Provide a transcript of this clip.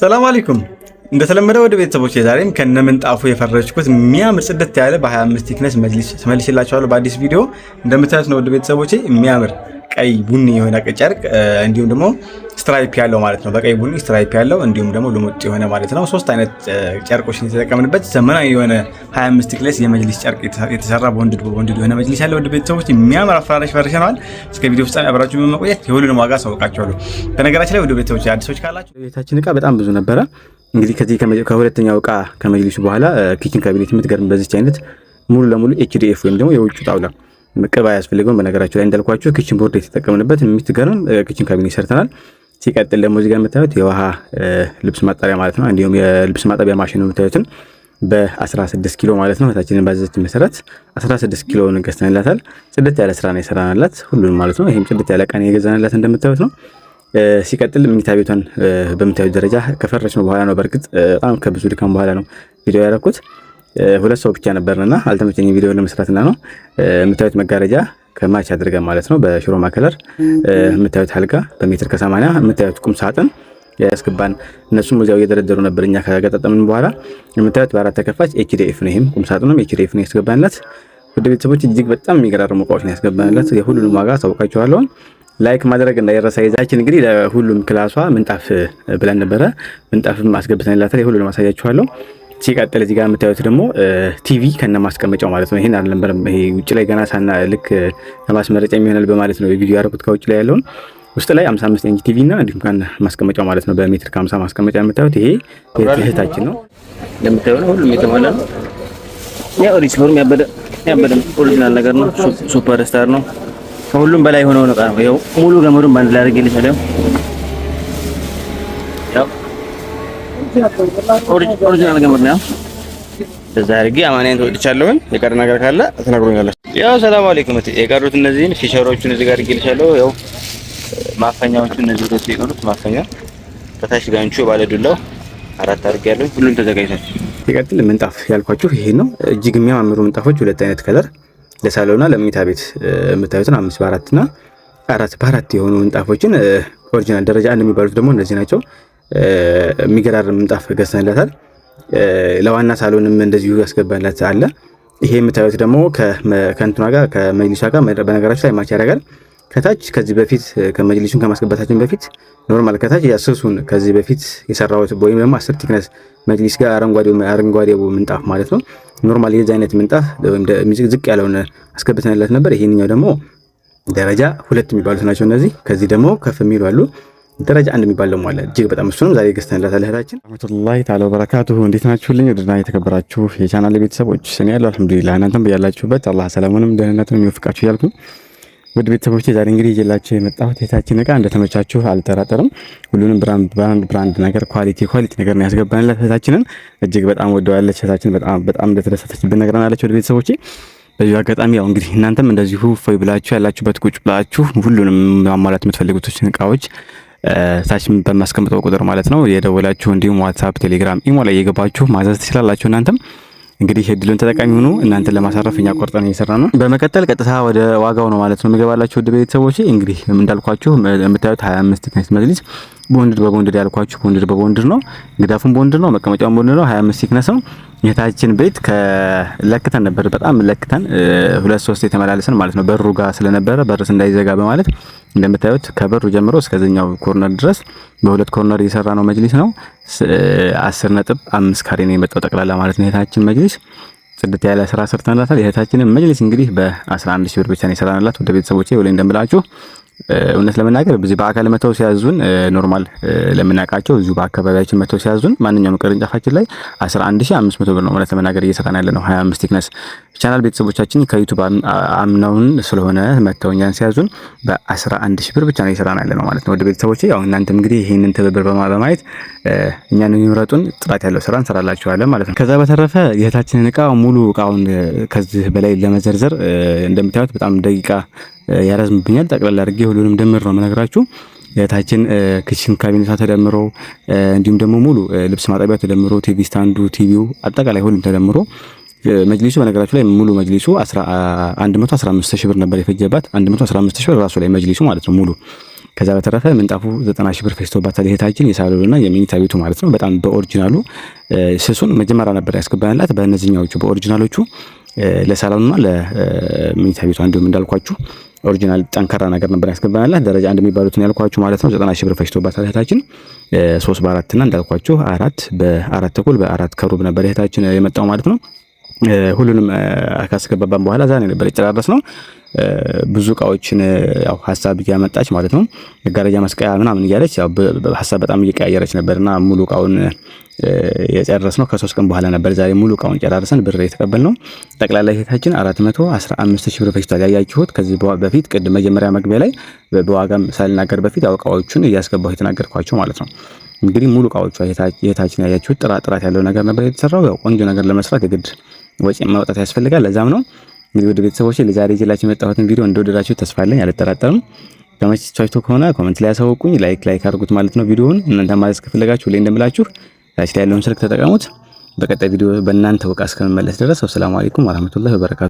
ሰላም አለይኩም እንደተለመደው ወደ ቤተሰቦች ዛሬም ከነምንጣፉ የፈረጅኩት የሚያምር ጽድት ያለ በ25 ቲክነስ መልስ ተመልሼላችኋለሁ በአዲስ ቪዲዮ እንደምታዩት ነው ወደ ቤተሰቦቼ የሚያምር ቀይ ቡኒ የሆነ ጨርቅ እንዲሁም ደግሞ ስትራይፕ ያለው ማለት ነው። በቀይ ቡኒ ስትራይፕ ያለው እንዲሁም ደግሞ ልሙጥ የሆነ ማለት ነው። ሶስት አይነት ጨርቆችን የተጠቀምንበት ዘመናዊ የሆነ 25 ክለስ የመጅሊስ ጨርቅ የተሰራ በወንድድ በወንድድ የሆነ መጅሊስ ያለ ወንድ ቤተሰቦች የሚያምር አፈራረሽ ፈርሸነዋል። እስከ ቪዲዮ ፍጻሜ አብራችሁ በመቆየት የሁሉንም ዋጋ አሳውቃችኋለሁ። በነገራችን ላይ ወደ ቤተሰቦች አዲሶች ካላቸው ቤታችን እቃ በጣም ብዙ ነበረ። እንግዲህ ከዚህ ከሁለተኛው እቃ ከመጅሊሱ በኋላ ኪችን ካቢኔት የምትገርም በዚች አይነት ሙሉ ለሙሉ ኤችዲኤፍ ወይም ደግሞ የውጭ ጣውላ ቅብ አያስፈልገውም። በነገራችሁ ላይ እንዳልኳችሁ ክችን ቦርድ የተጠቀምንበት የሚትገርም ክችን ካቢኔት ሰርተናል። ሲቀጥል ደግሞ እዚህ ጋር የምታዩት የውሃ ልብስ ማጠሪያ ማለት ነው። እንዲሁም የልብስ ማጠቢያ ማሽን የምታዩትን በ16 ኪሎ ማለት ነው። እህታችንን ባዘዘች መሰረት 16 ኪሎ ገዝተንላታል። ጽድት ያለ ስራ ነው የሰራንላት ሁሉንም ማለት ነው። ይህም ጽድት ያለ ቀን የገዛንላት እንደምታዩት ነው። ሲቀጥል መኝታ ቤቷን በምታዩት ደረጃ ከፈረች ነው በኋላ ነው። በእርግጥ በጣም ከብዙ ድካም በኋላ ነው ቪዲዮ ያደረኩት። ሁለት ሰው ብቻ ነበርንና አልተመቸኝ ቪዲዮ ለመስራትና ነው። የምታዩት መጋረጃ ከማች አድርገ ማለት ነው። በሽሮማ ከለር የምታዩት አልጋ በሜትር ከ80 የምታዩት ቁም ሳጥን ያስገባን እነሱም እዚያው እየደረደሩ ነበር። እኛ ከገጣጠምን በኋላ የምታዩት በአራት ተከፋች ኤችዲኤፍ ነው። ይህም ቁም ሳጥኑም ኤችዲኤፍ ነው ያስገባንለት። ውድ ቤተሰቦች እጅግ በጣም የሚገራርሙ እቃዎች ነው ያስገባንለት። የሁሉንም ዋጋ አሳውቃችኋለሁ። ላይክ ማድረግ እንዳይረሳ። ይዛችን እንግዲህ ለሁሉም ክላሷ ምንጣፍ ብለን ነበረ። ምንጣፍም አስገብተን ላታል። የሁሉንም አሳያችኋለሁ። ሲቀጥል እዚህ ጋር የምታዩት ደግሞ ቲቪ ከነ ማስቀመጫው ማለት ነው። ይሄን አልነበረም። ይሄ ውጭ ላይ ገና ሳና ልክ ለማስመረጫ የሚሆናል በማለት ነው ቪዲዮ ያደረኩት። ከውጭ ላይ ያለውን ውስጥ ላይ 55 ኢንች ቲቪ እና እንዲሁም ከነ ማስቀመጫው ማለት ነው። በሜትር ከ50 ማስቀመጫ የምታዩት ይሄ እህታችን ነው። እንደምታዩ ነው ሁሉም የተሟላ ነው። ያው ሪሲቨሩም ያበደ ያበደ ኦሪጂናል ነገር ነው። ሱፐር ስታር ነው። ከሁሉም በላይ የሆነው ዕቃ ነው። ያው ሙሉ ገመዱን ባንድ ላይ አድርጌልሻለሁ። ኦሪጂናል ገመድ ነው። በዛ አድርጌ አማንያን ተወጥቻለሁኝ። የቀረ ነገር ካለ ትነግሩኛላችሁ። ያው ሰላም አለይኩም። የቀሩት እነዚህን ፊሸሮቹን እዚህ ጋር አድርጌልሻለሁ። ያው ማፈኛዎቹ እነዚህ ሁለቱ የቀሩት ማፈኛ ከታች ጋንቹ ባለዱላው አራት አድርጌያለሁኝ። ሁሉም ተዘጋጅቷል። ሲቀጥል ምንጣፍ ያልኳችሁ ይሄ ነው። እጅግ የሚያማምሩ ምንጣፎች ሁለት አይነት ከለር ለሳሎና ለመኝታ ቤት የምታዩትን አምስት በአራት እና አራት በአራት የሆኑ ምንጣፎችን ኦሪጂናል ደረጃ አንድ የሚባሉት ደግሞ እነዚህ ናቸው። የሚገራርም ምንጣፍ ገዝተንለታል። ለዋና ሳሎንም እንደዚሁ ያስገባለት አለ። ይሄ የምታዩት ደግሞ ከእንትኗ ጋር ከመጅሊሷ ጋር በነገራች ላይ ማች ያደርጋል። ከታች ከዚህ በፊት ከመጅሊሱን ከማስገባታችን በፊት ኖርማል ከታች የአስርሱን ከዚህ በፊት የሰራሁት ወይም ደግሞ አስር ቲክነስ መጅሊስ ጋር አረንጓዴው ምንጣፍ ማለት ነው። ኖርማል የዚህ አይነት ምንጣፍ ዝቅ ያለውን አስገብተንለት ነበር። ይሄንኛው ደግሞ ደረጃ ሁለት የሚባሉት ናቸው እነዚህ። ከዚህ ደግሞ ከፍ የሚሉ አሉ። ደረጃ አንድ የሚባል ደግሞ አለ። እጅግ በጣም እሱንም ዛሬ ገዝተንላታል። እህታችን ረመቱላ ታላ በረካቱሁ እንዴት ናችሁልኝ? ወደና የተከበራችሁ የቻናል ቤተሰቦች ስኔ ያለው አልሐምዱሊላ፣ እናንተም በያላችሁበት አላህ ሰላሙንም ደህንነቱን የሚወፍቃችሁ እያልኩ ውድ ቤተሰቦች ዛሬ እንግዲህ ይዤላችሁ የመጣሁት የታችን እቃ እንደተመቻችሁ አልጠራጠርም። ሁሉንም ብራንድ ብራንድ ነገር ኳሊቲ ኳሊቲ ነገር ነው ያስገባንላት። እህታችንን እጅግ በጣም ወደዋለች። እህታችን በጣም እንደተደሰተችብን ነግረናለች። ወደ ቤተሰቦቼ በዚሁ አጋጣሚ ያው እንግዲህ እናንተም እንደዚሁ ፎይ ብላችሁ ያላችሁበት ቁጭ ብላችሁ ሁሉንም ማሟላት የምትፈልጉቶችን እቃዎች ታች በማስቀምጠው ቁጥር ማለት ነው የደወላችሁ፣ እንዲሁም ዋትሳፕ፣ ቴሌግራም፣ ኢሞ ላይ የገባችሁ ማዘዝ ትችላላችሁ። እናንተም እንግዲህ እድሉን ተጠቃሚ ሁኑ። እናንተን ለማሳረፍ እኛ ቆርጠን እየሰራ ነው። በመቀጠል ቀጥታ ወደ ዋጋው ነው ማለት ነው የሚገባላችሁ ውድ ቤተሰቦች። እንግዲህ እንዳልኳችሁ የምታዩት 25 መጅሊስ ቦንድድ በቦንድድ ያልኳችሁ ቦንድድ በቦንድድ ነው። ግዳፉን ቦንድድ ነው፣ መቀመጫውን ቦንድድ ነው። 25 ሲክነስ ነው። የታችን ቤት ከለክተን ነበር፣ በጣም ለክተን ሁለት ሶስት የተመላለሰን ማለት ነው። በሩ ጋር ስለነበረ በርስ እንዳይዘጋ በማለት እንደምታዩት ከበሩ ጀምሮ እስከዚህኛው ኮርነር ድረስ በሁለት ኮርነር እየሰራ ነው መጅሊስ ነው። 10 ነጥብ 5 ካሬ ነው የመጣው ጠቅላላ ማለት ነው። የታችን መጅሊስ ጽድት ያለ ስራ ሰርተንላታል። የእህታችንን መጅሊስ እንግዲህ በ11 ሺህ ብር ብቻ ነው የሰራንላት። ወደ ቤተሰቦቼ ወለ እንደምላችሁ እውነት ለመናገር በዚህ በአካል መተው ሲያዙን ኖርማል ለምናውቃቸው እዚሁ በአካባቢያችን መተው ሲያዙን ማንኛውም ቅርንጫፋችን ላይ 11500 ብር ነው እውነት ለመናገር እየሰራን ያለ ነው 25 ቲክነስ ቻናል ቤተሰቦቻችን ከዩቱብ አምነውን ስለሆነ መተው እኛን ሲያዙን በ11000 ብር ብቻ ነው እየሰራን ያለ ነው ማለት ነው። ወደ ቤተሰቦች ያው እናንተም እንግዲህ ይህንን ትብብር በማየት እኛን የሚምረጡን ጥራት ያለው ስራ እንሰራላችኋለን ማለት ነው። ከዛ በተረፈ የእህታችንን እቃ ሙሉ እቃውን ከዚህ በላይ ለመዘርዘር እንደምታዩት በጣም ደቂቃ ያረዝምብኛል። ጠቅላላ አድርጌ ሁሉንም ድምር ነው የምነግራችሁ። ታችን ክችን ካቢኔቷ ተደምሮ እንዲሁም ደግሞ ሙሉ ልብስ ማጠቢያ ተደምሮ ቲቪ ስታንዱ፣ ቲቪው አጠቃላይ ሁሉም ተደምሮ መጅሊሱ በነገራችሁ ላይ ሙሉ መጅሊሱ 115 ሺህ ብር ነበር የፈጀባት። 115 ሺህ ብር ራሱ ላይ መጅሊሱ ማለት ነው ሙሉ። ከዛ በተረፈ ምንጣፉ 90 ሺህ ብር ፈጅቶባታል። እህታችን የሳሎኑና የሚኒታ ቤቱ ማለት ነው። በጣም በኦሪጂናሉ ስሱን መጀመሪያ ነበር ያስገባንላት። በእነዚህኛዎቹ በኦሪጂናሎቹ ለሳሎኑና ለሚኒታ ቤቱ እንዲሁም እንዳልኳችሁ ኦሪጂናል ጠንካራ ነገር ነበር ያስገባናል። ደረጃ አንድ የሚባሉትን ያልኳችሁ ማለት ነው። ዘጠና ሺህ ብር ፈጅቶባታል እህታችን። ሶስት በአራትና እንዳልኳችሁ አራት በአራት ተኩል በአራት ከሩብ ነበር እህታችን የመጣው ማለት ነው። ሁሉንም ካስገባባን በኋላ ዛሬ ነበር የጨራረስ ነው። ብዙ እቃዎችን ያው ሀሳብ እያመጣች ማለት ነው መጋረጃ መስቀያ ምናምን እያለች ያው ሀሳብ በጣም እየቀያየረች ነበርና ሙሉ እቃውን የጨረስ ነው ከሶስት ቀን በኋላ ነበር። ዛሬ ሙሉ እቃውን ጨራርሰን ብር የተቀበል ነው። ጠቅላላ ሂሳባችን 415 ሺህ ብር ፈጅቷል። ያያችሁት ከዚህ በፊት ቅድም መጀመሪያ መግቢያ ላይ በዋጋም ሳልናገር በፊት ያው እቃዎቹን እያስገባሁ የተናገርኳቸው ማለት ነው። እንግዲህ ሙሉ እቃዎቿ የታችን ያያችሁት ጥራት ያለው ነገር ነበር የተሰራው። ያው ቆንጆ ነገር ለመስራት የግድ ወጪ ማውጣት ያስፈልጋል። ለዛም ነው እንግዲህ ወደ ቤተሰቦች ለዛሬ ይዤላችሁ የመጣሁትን ቪዲዮ እንደወደዳችሁ ተስፋ አለኝ፣ አልጠራጠርም። ተመችቷችሁ ከሆነ ኮመንት ላይ ያሳውቁኝ። ላይክ ላይክ አድርጉት ማለት ነው ቪዲዮውን። እናንተ ማለት ከፈለጋችሁ ላይ እንደምላችሁ ታች ላይ ያለውን ስልክ ተጠቀሙት። በቀጣይ ቪዲዮ በእናንተ እውቃ እስከምመለስ ድረስ ወሰላሙ አለይኩም ወራህመቱላሂ ወበረካቱ።